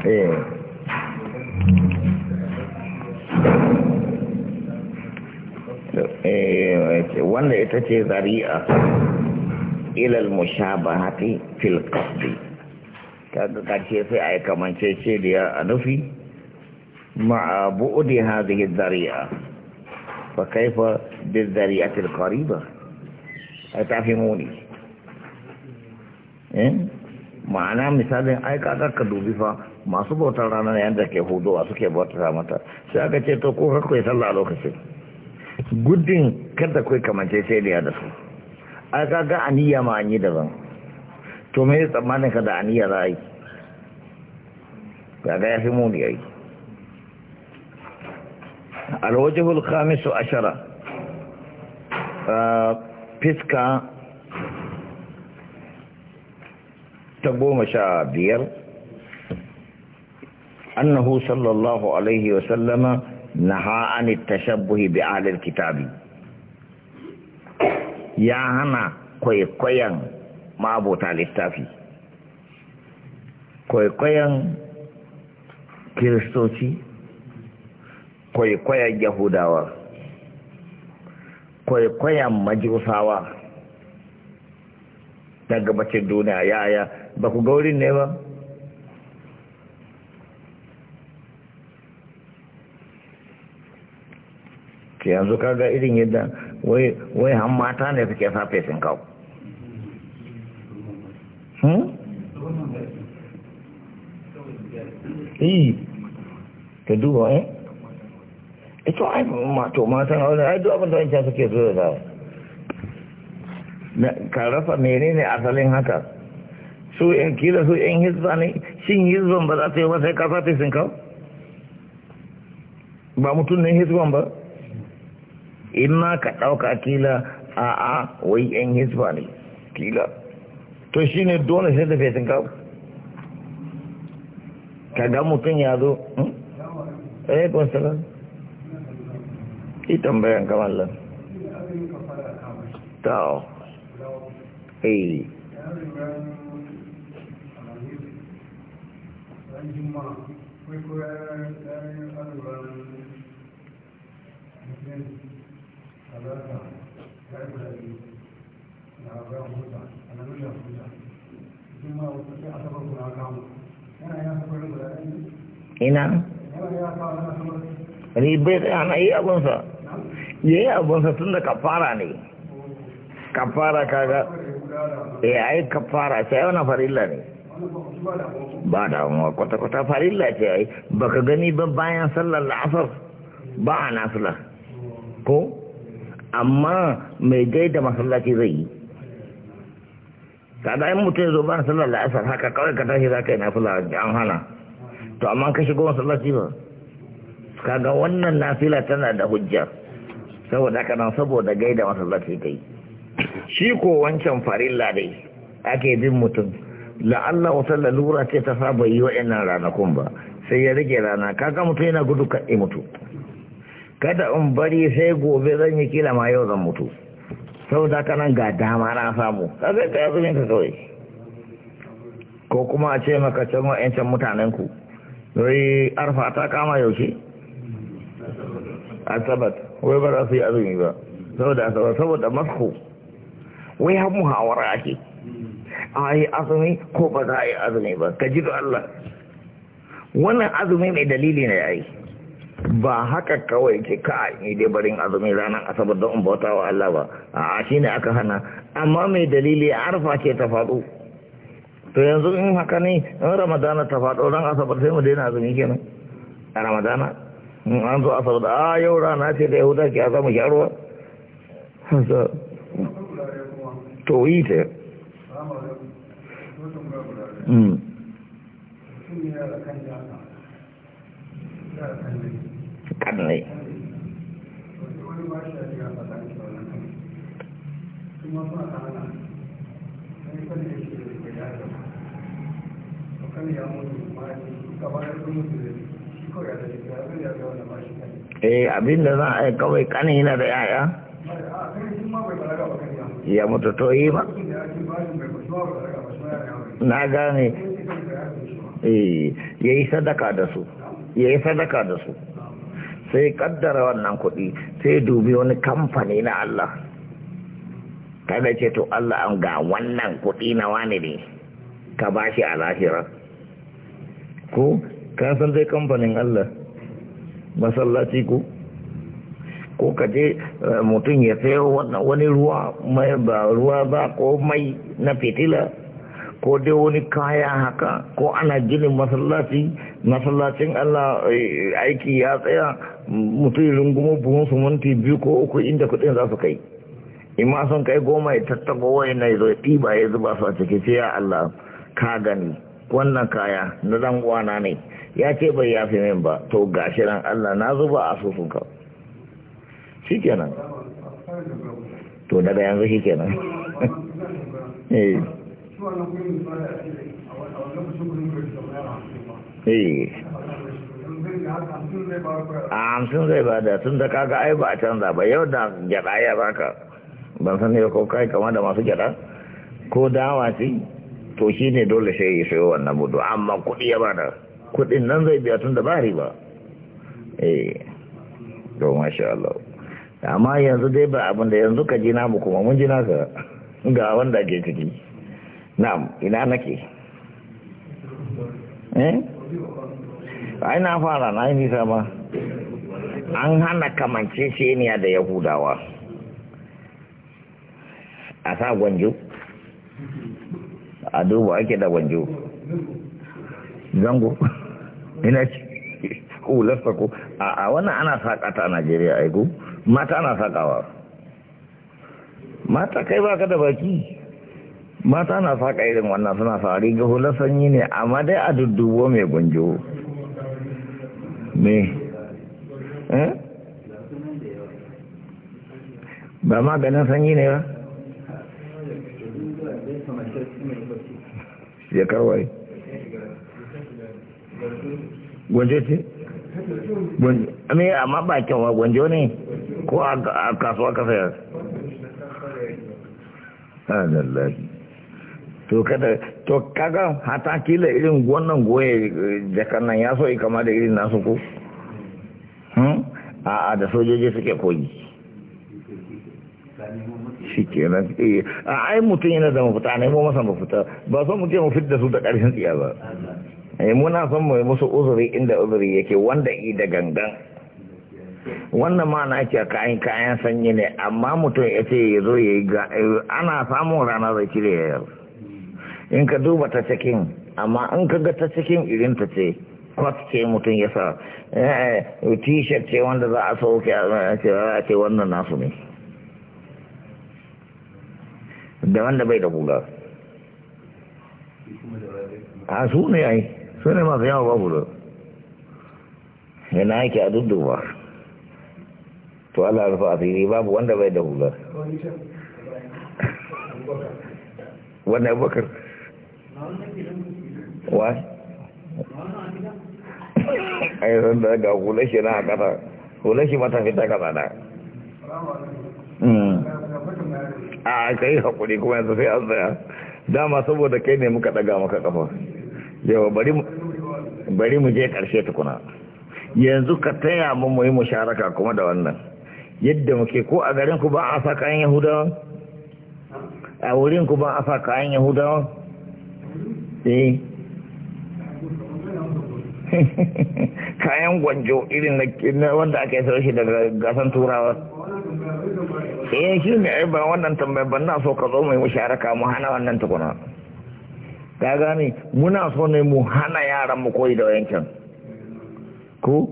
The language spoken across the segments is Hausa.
eh wanda ita ce zari'a ilal mushabahati fil qasdi kaga kace sai ai kamance ce da ya nufi ma'a bu'di hadhihi zari'a fa kaifa bil zari'ati al qariba atafimuni eh ma'ana misalin ai kaga ka dubi fa masu bautar ranar yadda ke hudowa suke bautar mata sai aka ce to ko kakwai sallah a lokacin gudun kada kai kamance sai da da su ka ga aniya ma an yi daban to me tsammanin ka da aniya za a yi ga ya fi muni yayi alwajihul khamisu ashara fiska ta goma sha biyar أنه صلى الله عليه وسلم نهى عن التشبه بأهل الكتاب يا هنا كوي كوي ما أبو تالستافي كوي كوي كريستوتي كوي كوي يهوداوار kwaikwayon majusawa daga bacin duniya ya ya ba ku ga wurin ne ba ce yanzu kaga irin yadda wai han mata ne suke sa fesin kawo yi ta duba eh ito ai mato matan aure ai duk abin da can suke zo da zawa ka rasa menene asalin haka su yan kila su yan hizba ne shin hizban ba za su yi wasu kasa fesin kawo ba mutum ne hizban ba in ma ka ɗauka kila a a wai yan hisba ne kila to shi ne dole sai da fesin kawo ka ga mutum ya zo ɗaya kwasarar itan bayan kamallan ta eh Thank eh. you. ina ribe ana yi abinsa ya yi abinsa tun da kafara ne oh. kafara kaga ya yi kafara sai yana farilla ne ba da amma kwata-kwata farilla ce ya yi ba ka gani ba bayan sallar la'asar ba a nasila oh. ko amma mai gaida masallaci zai yi kada in mutum ya zo ba sallar la'asar haka kawai ka tashi za ka na nafila an hana to amma ka shigo masallaci ba kaga wannan na fila tana da hujja saboda kana saboda gaida masallaci kai shi ko wancan farilla dai ake bin mutum la'alla wata lalura ce ta saba yi nan ranakun ba sai ya rage rana kaga mutum yana gudu kaɗe mutu kada in bari sai gobe zan yi kila ma yau zan mutu da ka nan ga dama na samu ta ka yazo ka kawai ko kuma a ce maka can wa'yancan mutanen ku arfa ta kama yaushe sabat wai ba za su yi azumi ba Sau da asabar saboda masko wai har muhawara ake a yi azumi ko ba za a yi azumi ba ka ji Allah wannan azumi mai dalili na ya yi ba haka kawai ke ka ni dai barin azumin ranar asabar don in bauta wa Allah ba a shi ne aka hana amma mai dalili arfa ce ta faɗo to yanzu in haka ne in ramadana ta faɗo ran asabar sai mu daina azumi kenan a ramadana in an zo asabar a yau rana ce da yahuda ke aza mu sharuwa to yi ta yi hmm. karnai eh abin da za a yi kawai kanin yana da yaya ya mutu to yi ba na gane eh ya yi sadaka da su ya yi sadaka da su sai kaddara wannan kuɗi sai dubi wani kamfani na Allah kada ce to Allah an ga wannan kuɗi na wani ne ka ba shi a lahira ko ka san zai kamfanin Allah masallaci ko ko ka je eh, mutum ya sayo wani ruwa mai ba ruwa ba ko mai na fitila ko dai wani kaya haka ko ana ginin masallaci masallacin Allah eh, aiki ya tsaya mutum rungumo buhun sumunti biyu ko uku inda kudin za su kai ima son kai goma ya tattaba wai na zo ɗiba ya zuba su a ciki ce ya Allah ka gani wannan kaya na dan uwana ne ya ce bai yafi min ba to gashi ran Allah na zuba a susun ka shikenan to daga yanzu shikenan eh a eh. hamsin zai ba da tun da kaga ai ba a canza ba yau da gyada ya baka ban san ne ko kai kama da masu gyada ko dawa ce to shi ne dole sai ya sayo wannan budu amma kuɗi ya bada kuɗin nan zai biya tun da ba riba eh to masha Allah amma yanzu dai ba abin da yanzu ka ji namu kuma mun ji naka ga wanda ke ciki na'am ina nake eh ai na fara na yi nisa ba an hana kamance sheniya da yahudawa a sa gwanjo a duba ake da gwanjo zango ina ce kulasta ko a wannan ana sakata a najeriya aiko mata ana sakawa mata kai baka da baki mata na saka irin wannan suna sa riga hula sanyi ne amma dai a dudduwo mai gunjo me ba eh? ba maganin sanyi ne ba ya karwai gunjo ce me amma ba kyanwa gunjo ne ko a kasuwa kasa yasa lallahi to kada to kaga hata kila irin wannan goye eh, jakan nan ya so yi kama da irin nasu ko hmm? a'a da sojoji suke koyi shi ke nan eh, a ai mutum yana da mafita ne mu masa mafuta ba so muke mu da su da karshen tsiya ba eh muna son mu musu uzuri inda uzuri yake wanda yi da gangan wannan ma na ce kayan kayan sanyi ne amma mutum ya ce ya zo ya yi eh, ana samun rana zai cire ya yi in ka duba ta cikin amma in ka ga ta cikin irin ta ce kwat ce mutum ya sa eh, t-shirt ce wanda za a sauke a ce wannan nasu ne da wanda bai da hula a su ne ai su ne masu yawa ba hula yana yake a dudduba to Allah a asiri babu wanda bai da hula wannan bakar wa ai san da ga hula shi na kasa hula shi mata fita kasa da hmm. a kai haƙuri kuma yanzu sai an tsaya dama saboda kai ne muka ɗaga maka kafa Yau bari mu je ƙarshe tukuna yanzu ka taya mun mu yi musharaka kuma da wannan yadda muke ko a garin ku ba a sa kayan yahudawa a wurin ku ba a sa kayan yahudawa eh kayan gwanjo irin na wanda aka yi shi daga gasan turawa eh shi ne ai ba wannan tambayar ban na so ka zo mai musharaka mu hana wannan tukuna ka gane muna so ne mu hana yaran mu koyi da yankin ko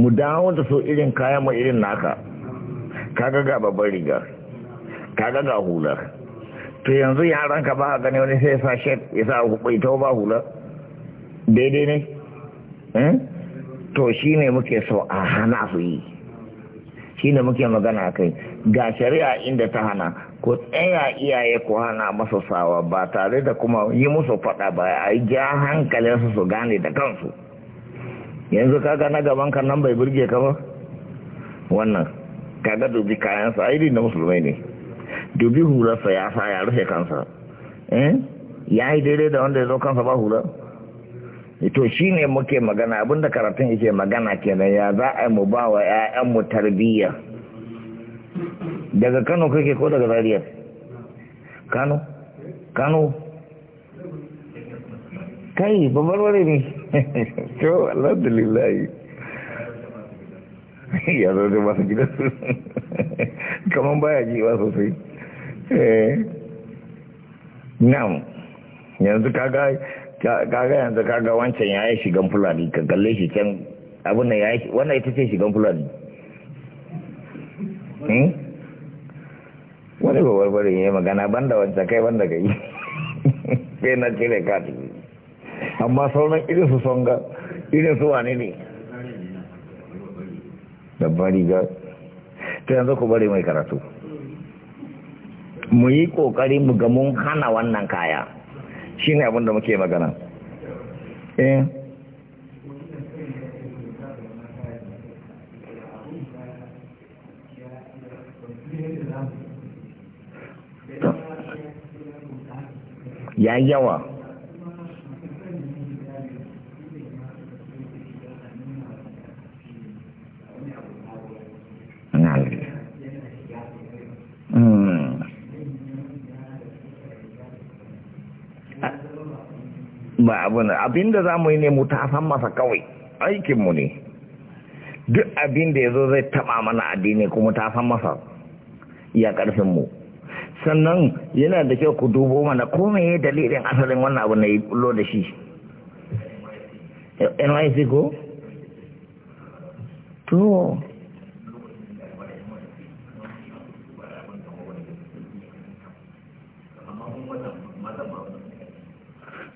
mu dawo da so irin kayan mu irin naka kaga ga babbar riga kaga ga hular to yanzu yaran ka ba gani wani sai ya sa shed ya sa ta ba hular daidai ne Hmm? to shi ne muke so a hana su yi shi ne muke magana kai ga shari'a inda ta hana ko tsaya iyaye ko hana masu sawa ba tare da kuma yi musu faɗa ba a yi ja hankalinsu su gane da kansu yanzu kaga na gaban kan nan bai burge ka ba wannan kaga dubi kayansa aidi na musulmai ne dubi hularsa ya sa ya rufe kansa eh ya yi daidai da wanda ya zo kansa ba hular Eh, to shi ne muke magana abinda karatun yake magana kenan ya za a mu ba wa 'ya'yanmu tarbiyya daga kano kake ko daga zariya kano kano kai babbar wani ne to alhamdulillah ya zo da masu gidan su kamar baya jiwa sosai eh, na'am yanzu kaga kaga yanzu kaga wancan ya yi shigan fulani ka kalle shi can abin da ya yi wannan ita ce shigan fulani hmm? wani ba warware ya magana banda wancan kai banda ga yi sai na cire ka amma sauran irin su son ga irin su wane ne bari ga. ta yanzu ku bari mai karatu mu yi kokari mu ga mun hana wannan kaya shi ne abinda muke magana eh ya yawa ba abin da za mu yi ne mu tafan masa kawai aikinmu ne duk da ya zo zai taɓa mana addini kuma tafan masa iya ƙarfinmu sannan yana da kyau ku dubo mana ko me ya dalilin asalin wannan abu na yi bullo da shi eh, nyc ko to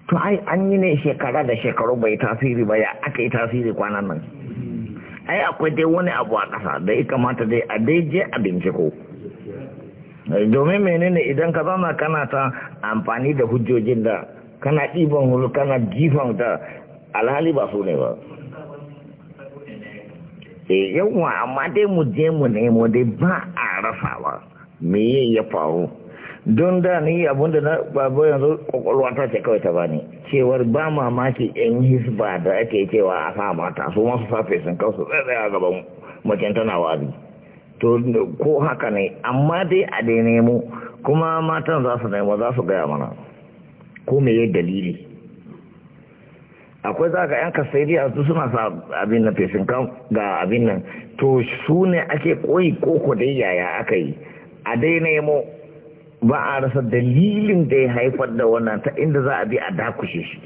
to ai an yi ne shekara da shekaru bai tasiri ba ya aka yi tasiri kwanan nan ai akwai dai wani abu a ƙasa da ya kamata dai a dai je a binciko domin menene idan ka zama kana ta amfani da hujjojin da kana ɗiban hulu kana jifan da alhali ba su ne ba e eh, yawa amma dai mu je mu nemo dai ba a rasawa me ya faru don da ni abun na babu yanzu kwakwalwa ta ce kawai ta bani cewar ba mamaki yan hisba da ake cewa a sa mata su masu safe sun kawo su tsaye gaban macen tana wari to ko haka ne amma dai a dai nemo kuma matan za su nemo za su gaya mana ko me ya dalili akwai za ka yan kasariya su suna sa abin na fesin kan ga abin nan to su ne ake koyi ko dai yaya aka yi a dai nemo ba a rasa dalilin da ya haifar da wannan ta inda za a bi a dakushe shi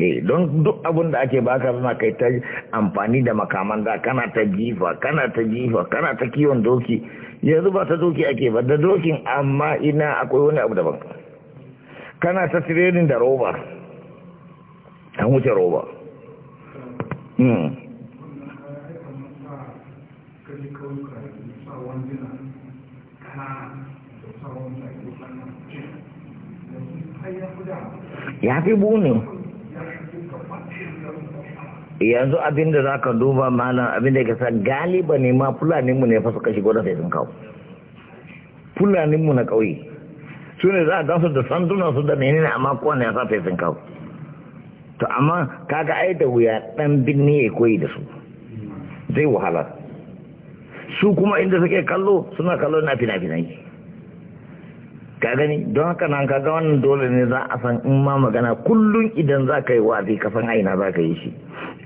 eh, don duk abin da ake baka ma kai ta amfani da makaman da kana ta jifa kana ta jifa kana ta kiwon doki yanzu ba ta doki ake ba da dokin amma ina akwai wani abu daban kana ta tirenin da roba an wuce roba hmm. ya fi buni yanzu abinda za ka duba malam abinda ka sa galiba ne ma fulaninmu ne ya fasa shigo da sai sun kawo fulaninmu na ƙauye su ne za a gansu da sanduna su da menene amma kowane ya sa sai sun kawo to amma kaga ai da wuya dan birni ya koyi da su zai wahala su kuma inda suke kallo suna kallo na fina-finai ka gani don haka nan kaga wannan dole ne za a san in ma magana kullum idan za ka yi wazi ka san aina za ka yi shi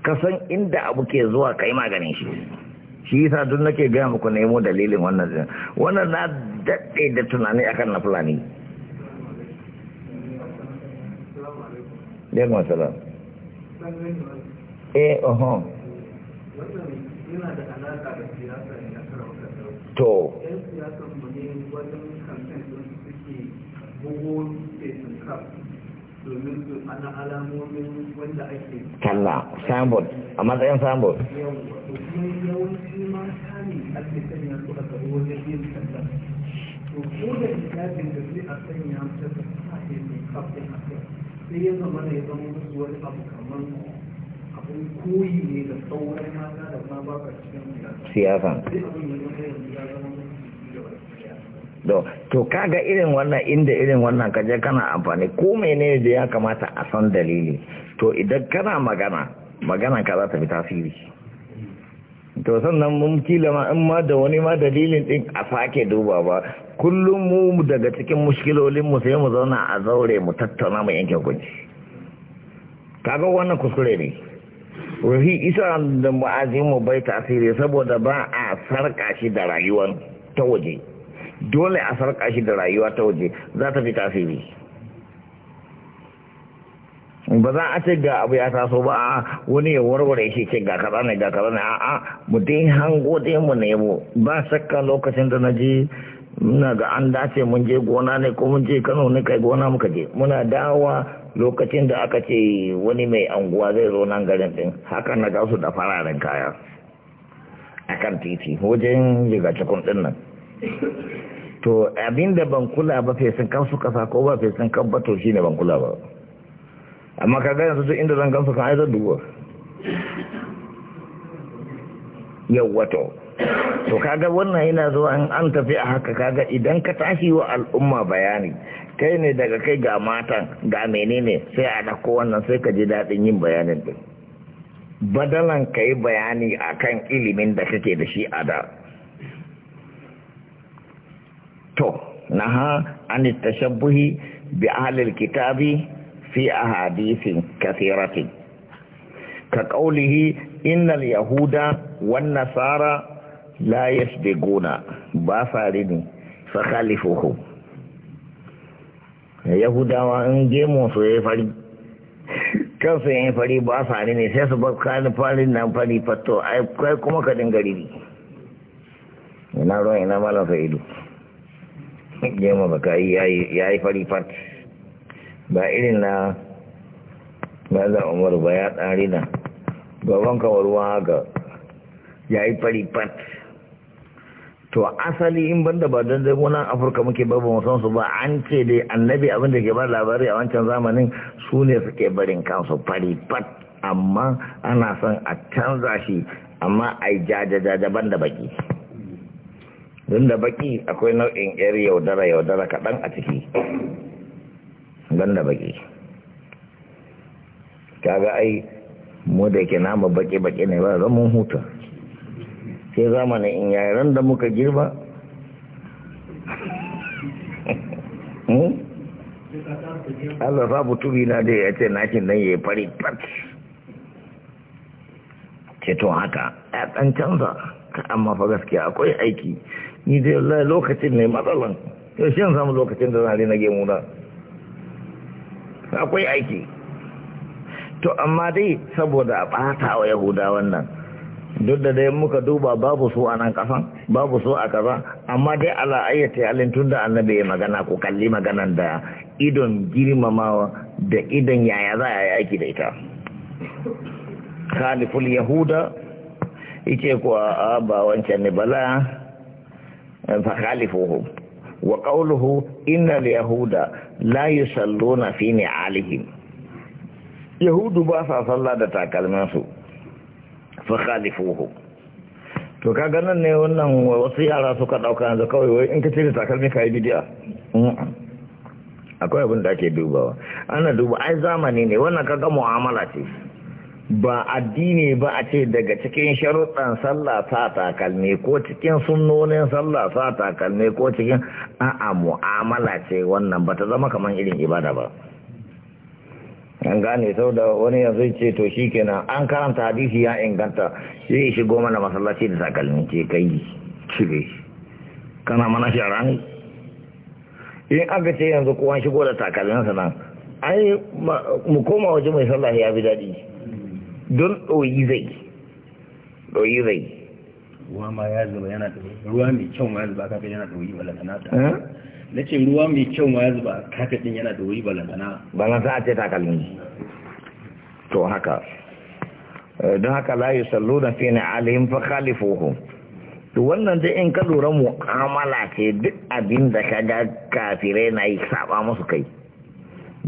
ka san inda abu ke zuwa ka yi maganin shi shi yasa duk nake gaya muku nemo dalilin wannan din wannan na daɗe da tunani akan na fulani Dai Eh, oho. Wannan yana da alaƙa da siyasa ne To. Yan siyasa mu ne wajen bugun da domin su ana alamomin wanda ake talla sambod a matsayin sambod yawanci mata ne ake sanya su a tsaro wajen yin talla to ko da littafin da zai a sanya ta da sahi mai kafin haka sai ya zama ya zama musu wani abu kamar abin koyi ne da sauran mata da ma ba ka cikin siyasa sai abin ya zama ya zama to kaga irin wannan inda irin wannan kaje kana amfani ko menene da ya kamata a san dalili to idan kana magana magana ka za ta fi tasiri to sannan mun kila ma in ma da wani ma dalilin din a sake duba ba kullum mu daga cikin mushkilolin mu sai mu zauna a zaure mu tattauna mu yanke hukunci kaga wannan kuskure ne wahi isa da mu'azin mu bai tasiri saboda ba a sarka shi da rayuwar ta waje dole a sarƙa shi da rayuwa ta waje za ta fi tasiri ba za a ce ga abu ya taso ba a wani ya warware shi ce ga kaza ne ga kaza ne a'a mu dai hango dai mu nemo ba shakka lokacin da na je muna ga an dace mun je gona ne ko mun je Kano ne kai gona muka je muna dawa lokacin da aka ce wani mai anguwa zai zo nan garin din haka na ga su da fararen kaya akan titi wajen jiga cikin din nan to abinda ban kula ba fesin kan suka sa ko ba fesin kan bato to shine ban kula ba amma ka ga yanzu inda zan gamsu kan aizar dubu wato. to kaga wannan yana zuwa in an tafi a haka kaga idan ka tashi wa al'umma bayani kai ne daga kai ga matan ga menene sai a dako wannan sai ka ji daɗin yin bayanin din badalan ka yi bayani akan ilimin da kake da shi a da to ha an tashabbuhi bi ahlil kitabi fi ahadithin kathirati. ka qawlihi innal yahuda wan nasara la yasbiguna ba farini fa khalifuhu yahudawa in gemu su yayi fari kansu yayi fari ba fari ne sai su ba kan fari nan fari to ai kai kuma ka dinga ribi ina ruwan ina malam fa'idu gema yi ya yi fari fat ba irin na mazan umar ba ya tsari na gaban kawarwa ga ya yi fari fat to asali in banda ba don zai nan afirka muke babu musan su ba an ce dai annabi abin da ke ba labari a wancan zamanin su ne suke barin kansu fari fat amma ana son a canza shi amma a yi jajajajaban da baki don da baki akwai nau'in yar yaudara yaudara kaɗan a ciki don da baki kaga ai mu da ke namu baki-baki ne ba mun huta sai zamanin in yaran da muka girba hmm? Allah babu turi na da ya ce nakin nan ya yi fari pat ceton haka ya ɗan canza amma fa gaskiya akwai aiki ni dai Allah lokacin ne matsalan shi an samu lokacin da zare na gemu da akwai aiki to amma dai saboda a bata wa yahuda wannan duk da dai muka duba babu su a nan kasan babu su a kaza amma dai ala ayyata halin tun da annabi ya magana ko kalli maganan da idon girmamawa da idon yaya za a yi aiki da ita khaliful yahuda yake ko a ba wancan ne bala فخالفوهم وقوله إن اليهود لا يصلون في نعالهم يهود باسا صلى دتا كلمانسو فخالفوهم to kaga nan ne wannan wasu yara suka dauka yanzu kawai wai in ka cire takalmi ka yi bidiya akwai abin da ake dubawa ana duba ai zamani ne wannan kaga mu'amala ce ba addini ba a ce daga cikin sharuɗan sallah sa takalmi ko cikin sunnonin sallah sa takalmi ko cikin a'a mu'amala ce wannan ba ta zama kamar irin ibada ba an gane sau da wani yanzu ce to shi kenan an karanta hadisi ya inganta shi shigo mana masallaci da takalmi ce kai cire kana mana shara ne in aka ce yanzu kowa shigo da takalminsa nan ai mu koma waje mai sallah ya fi daɗi don ɗoyi zai ɗoyi zai ruwa ma ya zuba yana ɗoyi ruwa mai kyau ma ya zuba kafin yana ɗoyi balantana ta eh? na ce ruwa mai kyau ma ya zuba kafin yana ɗoyi balantana balantana a ce takalmi to haka eh, don haka layu sallu na fi ne alihim fa to wannan dai in ka lura mu'amala ce duk abin da ka ga kafirai na yi saba musu kai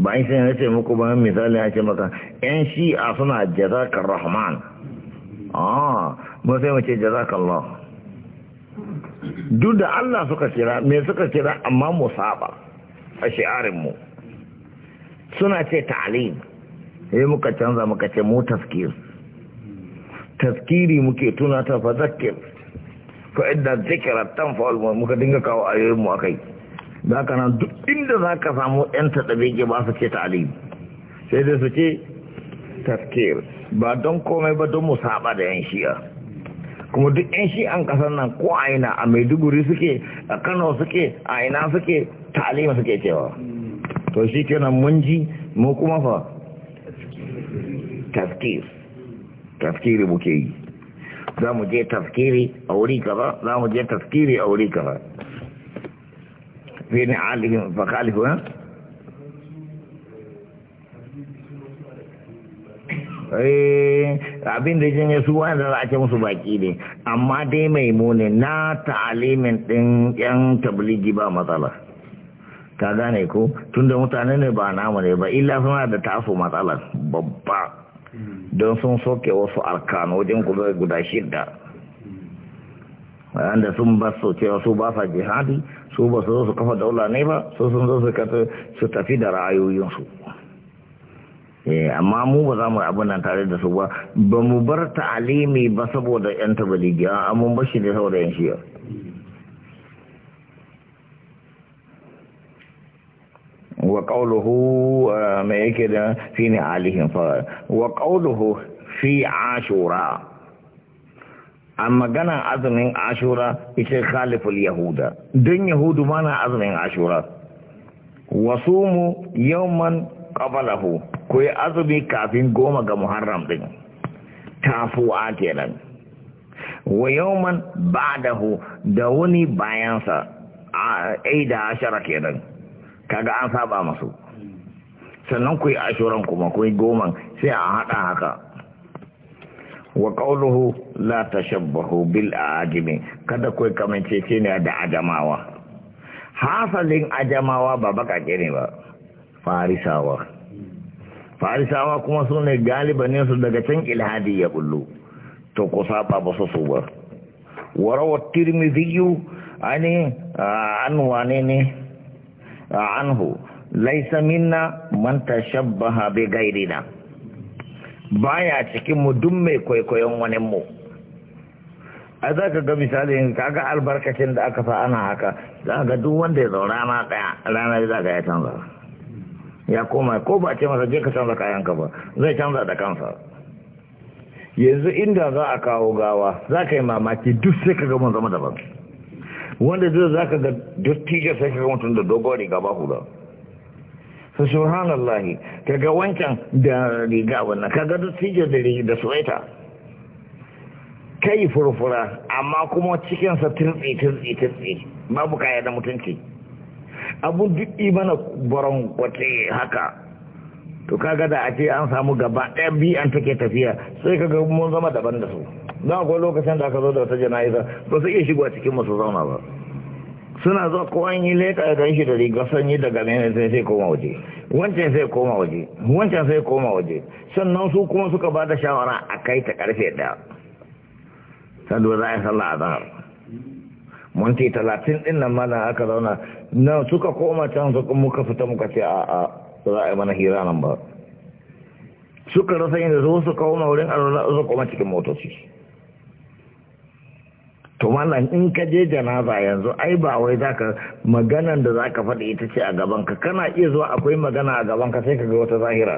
bayan sai na ce muku bayan misali ya ce maka yan shi'a suna jazakar rahman ah mun sai mace jazakar Allah duk da Allah suka kira me suka kira amma mu saba a shi'arin mu suna ce ta'alim sai muka canza muka ce mu tafkir tafkiri muke tuna ta fa zakir fa idda zikra tanfa muka dinga kawo ayoyin mu akai za aka nan duk inda za ka samu 'yan taɗaɓe ba su ke ta'alibi sai dai su ce tafkir ba don komai ba don mu saba da 'yan shi'a kuma duk 'yan shi'an ƙasar nan ko a a maiduguri suke a kano suke a ina suke ta'alima suke cewa to shi kenan mun ji mu kuma fa tafkir tafkiri muke yi za mu je tafkiri a wuri kaza za mu je tafkiri a wuri kaza fi ni'alihim fa khalifu abin da janye su wanda za a ce musu baƙi ne amma dai mai muni na ta'alimin ɗin yan tabligi ba matsala ta gane ko tunda mutane ne ba namu ne ba illa suna da taso matsala babba don sun soke wasu arkano wajen guda shida da sun ba su cewa su ba jihadi su ba su zo su kafa daula ne ba su sun zo su tafi da ra'ayoyinsu eh, amma mu ba za mu abin nan tare da su ba ba mu bar ta'alimi ba saboda yan tabaligi amma ba bashi ne saboda yan shiya wa qawluhu ah, me yake da fi ne alihin fa wa qawluhu fi ashura a magana azumin ashura ita khaliful yahuda don yahudu mana azumin ashura wasu mu yawman qabalahu ku yi azumi kafin goma ga muharram din tafuwa kenan wa yawman ba'dahu da wani bayansa a aida ashara kenan kaga an saba masu sannan ku yi ashuran kuma ku yi goman sai a haɗa haka wa ƙauluhu la tashabbahu bil ajimi kada ku kamance ce ne da ajamawa hasalin ajamawa ba baka ne ba farisawa farisawa kuma su ne ne su daga can ilhadi ya bullo to ku saba ba su su ba warawa tirmidhiyu ani an wane ne anhu laysa minna man tashabbaha bi ghairina baya cikin mu duk mai kwaikwayon wani mu a za ka ga misali kaga albarkacin da aka fa ana haka za ga duk wanda ya zo rana daya rana za ka ya canza ya koma ko ba ce masa je ka canza kayan ka ba zai canza da kansa yanzu inda za a kawo gawa za ka yi mamaki duk sai ka gama zama daban wanda zai za ka ga duk tijar sai ka gama mutum da dogon riga ba hula su subhanallahi kaga wancan da riga wannan kaga duk tijo da riga da suwaita kai furfura amma kuma cikinsa tirtsi tirtsi babu kaya da mutunci abun duk mana baron kwace haka to kaga da a ce an samu gaba ɗaya biyu an take tafiya sai kaga mun zama daban da su don akwai lokacin da aka zo da wata jana'iza ba su iya shigowa cikin masu zauna ba suna zuwa ko an yi leka ya ganshi shi da rigar sanyi daga mene sai sai koma waje wancan sai koma waje wancan sai koma waje sannan su kuma suka ba da shawara a kai ta karfe daya sadu za a yi sallah a zahar munti talatin din nan ma mana aka zauna na suka koma can su muka fita muka ce a a za a yi mana hira nan ba suka rasa yin da su kawo wurin a su koma cikin motoci to malam in ka je janaza yanzu ai ba wai zaka maganan da zaka faɗi ita ce a gaban ka kana iya zuwa akwai magana a gaban ka sai ka ga wata zahira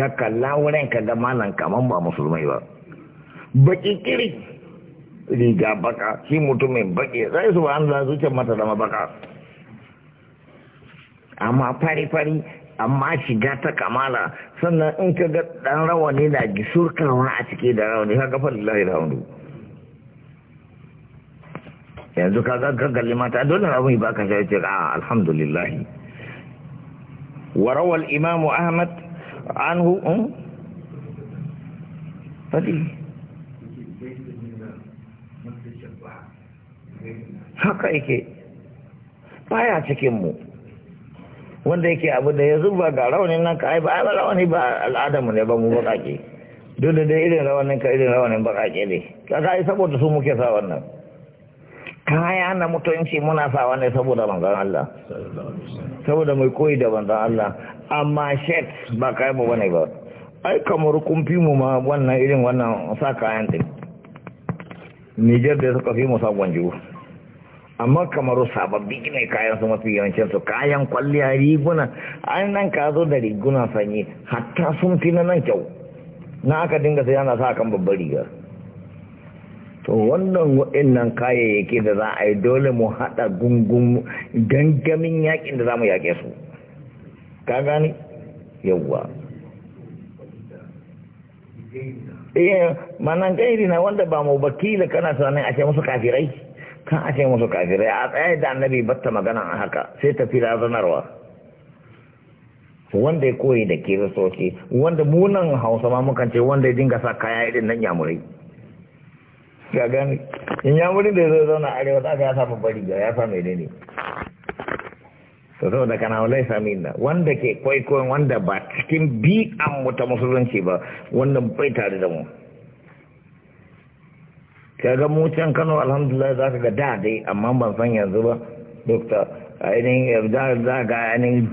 ka kalla wurin ka ga malam kaman ba musulmai ba baki kiri riga baka shi mutumin baki sai su ba an zuciyar mata zama baka amma fari-fari amma shiga ta kamala sannan in ka ga ɗan rawani na gisurkawa a cike da rawani ka gafa lillahi raunu yanzu ka ga gaggalli mata dole wani ba ka shi ce a alhamdulillah wa rawal imam ahmad anhu um fadi haka yake baya cikin mu wanda yake abu da ya zuba ga rawanin nan ka ba ba rawani ba al'adamu ne ba mu bakake dole da irin rawanin ka irin raunin bakake ne kaga ai saboda su muke sa wannan kaya na mutunci muna sa wannan saboda manzon Allah saboda mai koyi da manzon Allah amma shet ba kai ba bane ba ai kamar kun fi mu ma wannan irin wannan sa kayan din Nijar da suka fi mu sa gwanjiru amma kamar sababbi ne kayan su mafi yawancin su kayan kwalliya riguna an nan ka zo da riguna sanyi hatta sun fi na nan kyau na aka dinga sai ana sa kan babbar riga to wannan wa'annan kayayyaki da za a yi dole mu haɗa gungun gangamin yakin da za mu yaƙe su ka gani yawwa iya eh, manan gairi na wanda ba mu bakila kana tunanin a musu kafirai kan ake musu kafirai a tsaye da annabi batta magana a haka sai tafi razanarwa wanda ya koyi da kiristoci wanda munan hausa ma mukan ce wanda ya dinga sa kaya irin nan yamurai ga gani in yamurai da zai zauna a arewa daga ya samu bari ga ya samu ne ne to saboda kana wallahi sami inda wanda ke kwaikwayon wanda ba cikin bi'an mu ta musulunci ba wannan bai tare da mu kaga mu can Kano alhamdulillah za ka ga da dai amma ban san yanzu ba dokta ainihin za za ga ainihin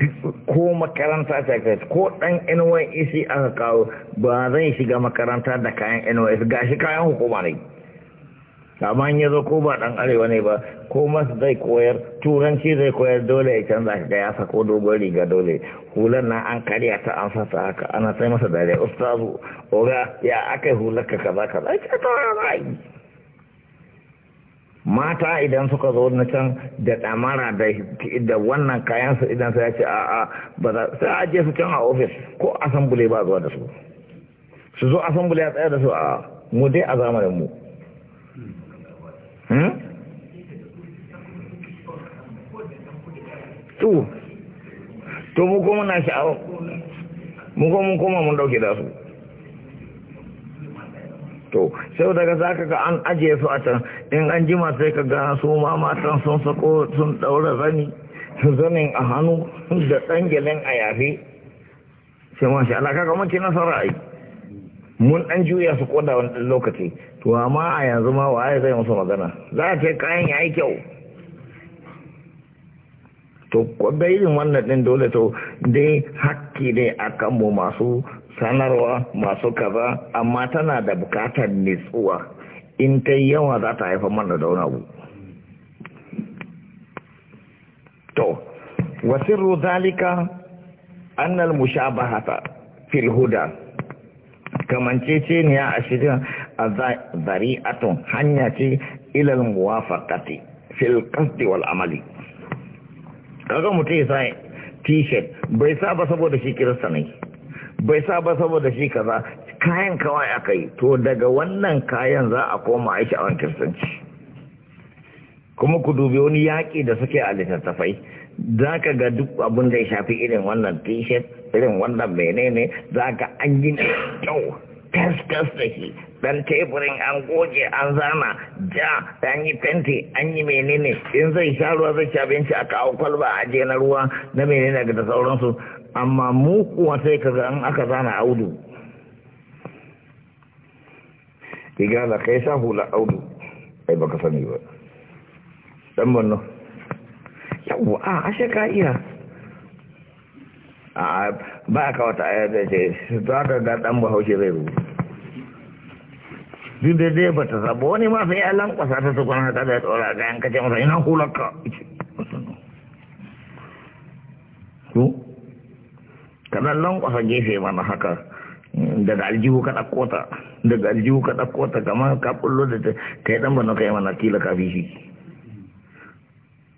ko makaranta ta ko dan NYSC aka kawo ba zan shiga makaranta da kayan ga gashi kayan hukuma ne amma ya zo ko ba dan arewa ne ba ko masu zai koyar turanci zai koyar dole ya canza ka ga ya sako dogon riga dole hulan na an karya ta an sasa haka ana sai masa dariya ustazu oga ya aka hular ka kaza kaza ai ta ta mata idan suka zo na can da damara da wannan su idan sai ce a a ba za sai a je su can a ofis ko asambule ba zuwa da su su zo asambule a tsaya da su a mu dai a zamanin mu hmm? to mu kuma na sha'awa mu kuma mun koma mun dauke da su to sau daga za ga an ajiye su a can in an jima sai ka ga su ma matan sun sako sun daura zani zanin a hannu da ɗangilin a yafe sai ma shi alaka kamar ci nasara ai mun ɗan juya su koda wani lokaci to amma a yanzu ma waye zai musu magana za ka kayan yayi kyau to ko bayin wannan din dole to dai hakki ne akan mu masu sanarwa masu kaza amma tana da bukatar nitsuwa in ta yi yawa za ta haifar mana da wani abu to wasiru zalika annal mushabahata fil huda kamancece ne a shirin a zari'atun hanya ce ilal muwafaqati fil qasdi wal amali kaga mutum ya sa t-shirt bai saba saboda shi kirista ne bai sa ba saboda shi kaza kayan kawai aka yi to daga wannan kayan za a koma aiki a kiristanci kuma ku dubi wani yaƙi da suke a littattafai za ka ga duk abin da ya shafi irin wannan t-shirt irin wannan menene za ka an yi ne kyau kaskas da shi dan teburin an goge an zana ja an yi fenti an yi menene in zai sha ruwa zai ci abinci a kawo kwalba a je na ruwa na menene da sauransu amma mu kuwa sai kaga an aka zana audu igala kai sa hula audu ai baka sani ba dan banno yawa a ashe ka iya a ba ka wata aya da ce za ka da dan bahaushe zai rubu duk da dai bata sabo wani ma sai ya lankwasa ta tukwana ta da tsora ga yanka ce masa ina hulaka. ko kaɗan lankwasa gefe mana haka daga aljihu ka ɗauko daga aljihu ka ɗauko ta kamar ka bullo da ta kai ɗan bana kai mana kila ka fi shi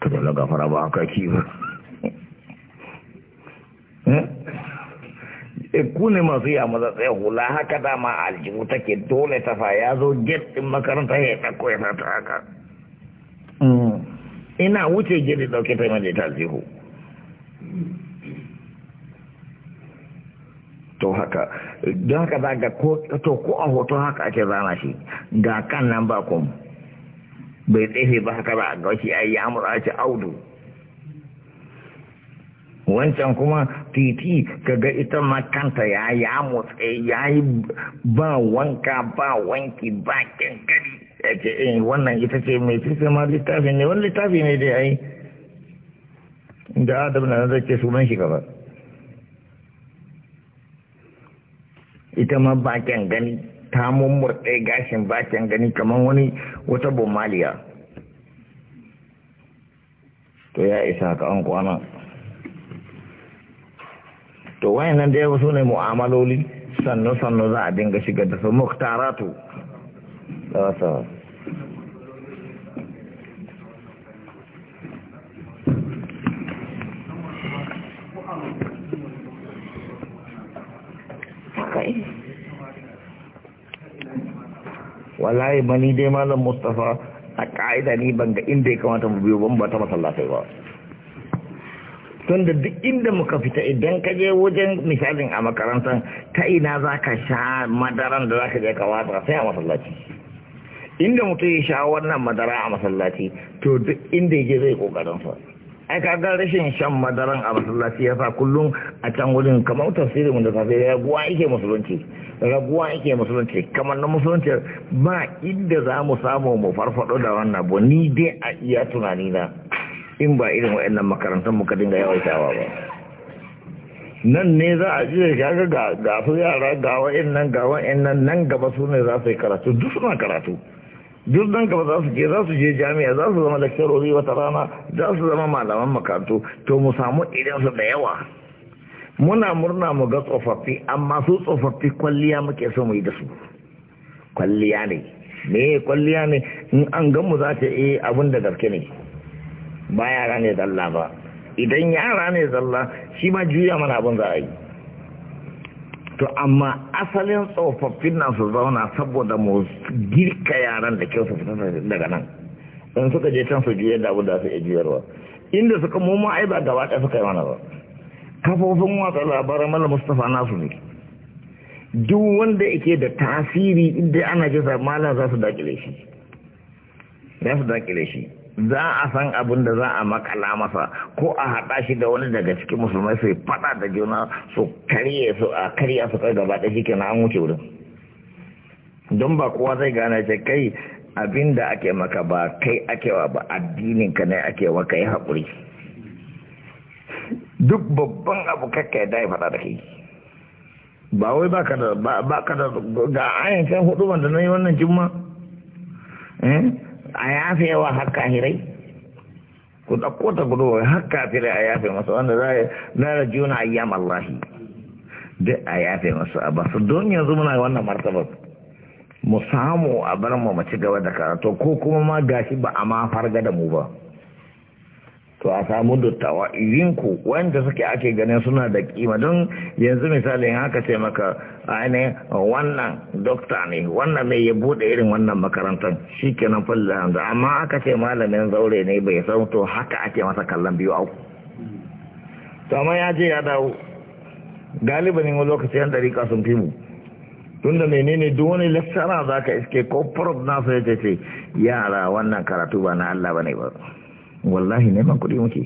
ta dole gafara ba ka ki ba eh, ku ne masu yi a matsatsaya hula haka dama aljihu take dole ta fa ya zo get ɗin makaranta ya ɗauko ya ta haka mm. ina wuce gidi ɗauke ta mai ta aljihu to haka don haka za ga ko ko a hoto haka ake zama shi ga kan nan ba kun bai tsefe ba haka ba ga shi ai ya ce audu wancan kuma titi kaga ita ma kanta ya amur motsa eh, ya yi ba wanka ba wanki ba kinkari ya ce eh wannan ita ce mai tsefe ma littafi ne wani littafi ne dai ai da adam na zai sunan shi gaba ita ma bakin gani ta mummurɗe gashin bakin gani kamar wani wata bomaliya to ya isa ka an kwana to nan da yawa su ne mu'amaloli sannu sannu za a dinga shiga da su muktaratu da wasu kai wallahi bani dai malam mustafa a ka'ida ni ban ga inda ya kamata mu biyo ban ba ta masallatai ba tun da duk inda muka fita idan ka je wajen misalin a makarantar ta ina za ka sha madaran da za ka je ka sai a masallaci inda mutum ya sha wannan madara a masallaci to duk inda ya je zai kokarin sa ai ka ga rashin shan madaran a masallaci ya sa kullum a can wurin kamar tafsirin wanda safe raguwa yake musulunci raguwa yake musulunci kamar na musulunci ba inda za mu samu mu farfado da wannan ba ni dai a iya tunani na in ba irin waɗannan makarantar muka dinga yawaitawa ba nan ne za a jiya shaga ga su yara ga wa'in nan ga wa'in nan nan gaba su ne za su yi karatu duk suna karatu duk don gaba za su je za su je jami'a za su zama lakcarori wata rana za su zama malaman makarantu to mu samu idansu da yawa muna murna mu ga tsofaffi amma su tsofaffi kwalliya muke so mu yi da su kwalliya ne me kwalliya ne in an gan mu za ta yi abin da gaske ne ba yara ne zalla ba idan yara ne zalla shi ma juya mana abin za a yi to amma asalin tsofaffin nan su zauna saboda mu girka yaran da kyau su fita daga nan in suka je can su juya da abu da su iya juyarwa inda suka mu ma ba gaba ɗaya suka yi mana ba kafofin watsa labaran mala Mustapha nasu ne duk wanda yake da tasiri inda ana jisa malam za su dakile shi za su dakile shi za a san abin da za a makala masa ko a haɗa shi da wani daga cikin musulmai sai faɗa da juna su karye su a karya su kai gaba da shike na an wuce wurin don ba kowa zai gane ce kai abin da ake maka ba kai akewa ba addinin ka ne ake wa kai haƙuri duk babban abu kakka ya dai faɗa da kai ba wai ba ka da ga ayin can hudu wanda na yi wannan jimma eh? a yafe wa haka hirai ku ɗauko ta gudu haka firai a yafe masu wanda za a zara juna yi Allahi duk a yafe masu a basu don yanzu muna wannan martabar mu samu a bar mu ci gaba da karatu ko kuma ma gashi ba a ma farga da mu ba to a samu dattawa irinku wanda suke ake ganin suna da kima don yanzu misalin haka ce maka ainihin wannan dokta ne wannan mai ya bude irin wannan makarantar shi kenan falle hanzu amma aka ce malamin zaure ne bai san to haka ake masa kallon biyu au to amma ya je ya dawo galibin wani lokaci yan dariƙa sun fi mu tunda menene duk wani lissara za ka iske ko prof nasu ya ce yara wannan karatu ba na Allah ba ne ba wallahi neman kuɗi muke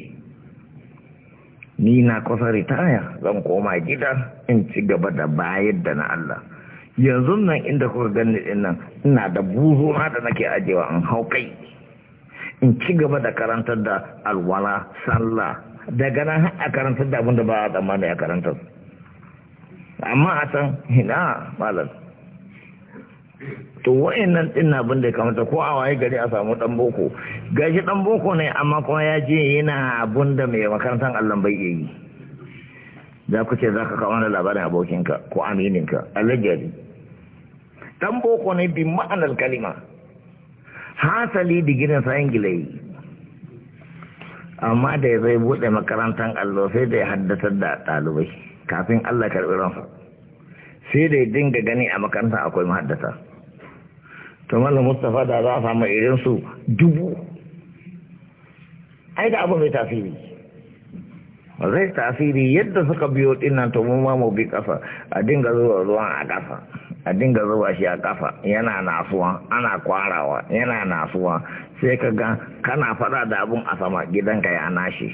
ni na kusa ritaya zan koma gida in ci gaba da bayar da na Allah yanzu nan inda kuka gani din nan ina da ma da nake ajewa in hau kai in ci gaba da karantar da alwala sallah daga nan a karantar da abin da ba a tsammani a karantar amma a san hina malam to nan din abin da ya kamata ko a waye gari a samu dan boko gashi dan boko ne amma kuma ya je yana abun da mai makarantar Allah bai yi za ku ce za ka kawo labarin abokinka ko amininka alajari dan boko ne bi ma'anar kalima hasali gidan sayan gilayi amma da ya zai buɗe makarantar allo sai da ya haddatar da ɗalibai kafin allah karɓi ransa sai da ya dinga gani a makaranta akwai mahaddata kamar da Mustapha da za a samu irin su dubu ai da abu mai tasiri zai tasiri yadda suka biyo dinnan to mu ma mu bi kafa a dinga zuwa ruwan a kafa a dinga zuba shi a kafa yana nasuwa ana kwarawa yana nasuwa sai ka ga kana fada da abun a sama gidanka ya nashi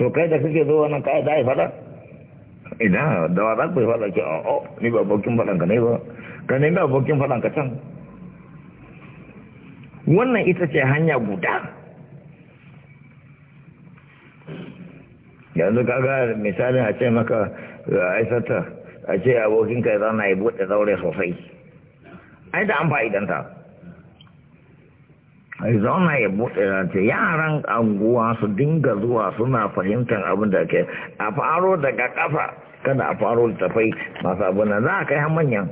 to kai da kake zuwa nan kai da fada idan da wa za ku fada ke o'o oh, oh, ni ba bakin fadanka ne ba ka nemi abokin faɗan ka can wannan ita ce hanya guda yanzu kaga misali a ce maka aisata a ce abokinka ya zana ya buɗe zaure sosai ai da an fa'idanta ai zauna ya buɗe ce yaran anguwa su dinga zuwa suna fahimtar abin da ke a faro daga kafa kada a faro tafai masu abin za a kai manyan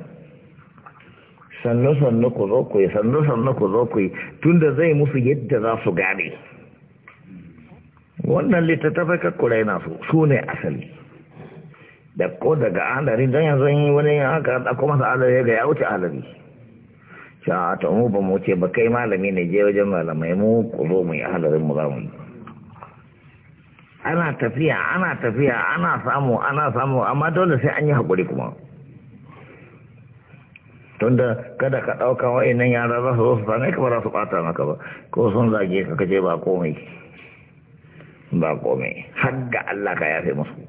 sannu sannu ku zo ku yi sannu sannu ku zo ku yi tunda zai musu yadda za su gane wannan littattafai kakkura yana su su ne asali da ko daga adari don yanzu yi wani haka a kuma sa adari ga ya wuce adari sha ta mu ba mu ce ba kai malami ne je wajen malamai mu ku zo mu yi halarin mu zamu yi ana tafiya ana tafiya ana samu ana samu amma dole sai an yi haƙuri kuma tunda kada ka ɗauka wa'innan yara za su zo su kamar ka ba su ɓata maka ba ko sun zage ka kace ba komai ba komai har ga Allah ka yafe musu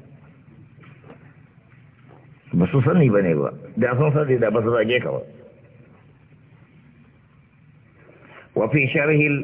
ba su sani ba ne ba da sun sani da ba su zage ka ba fi sharhil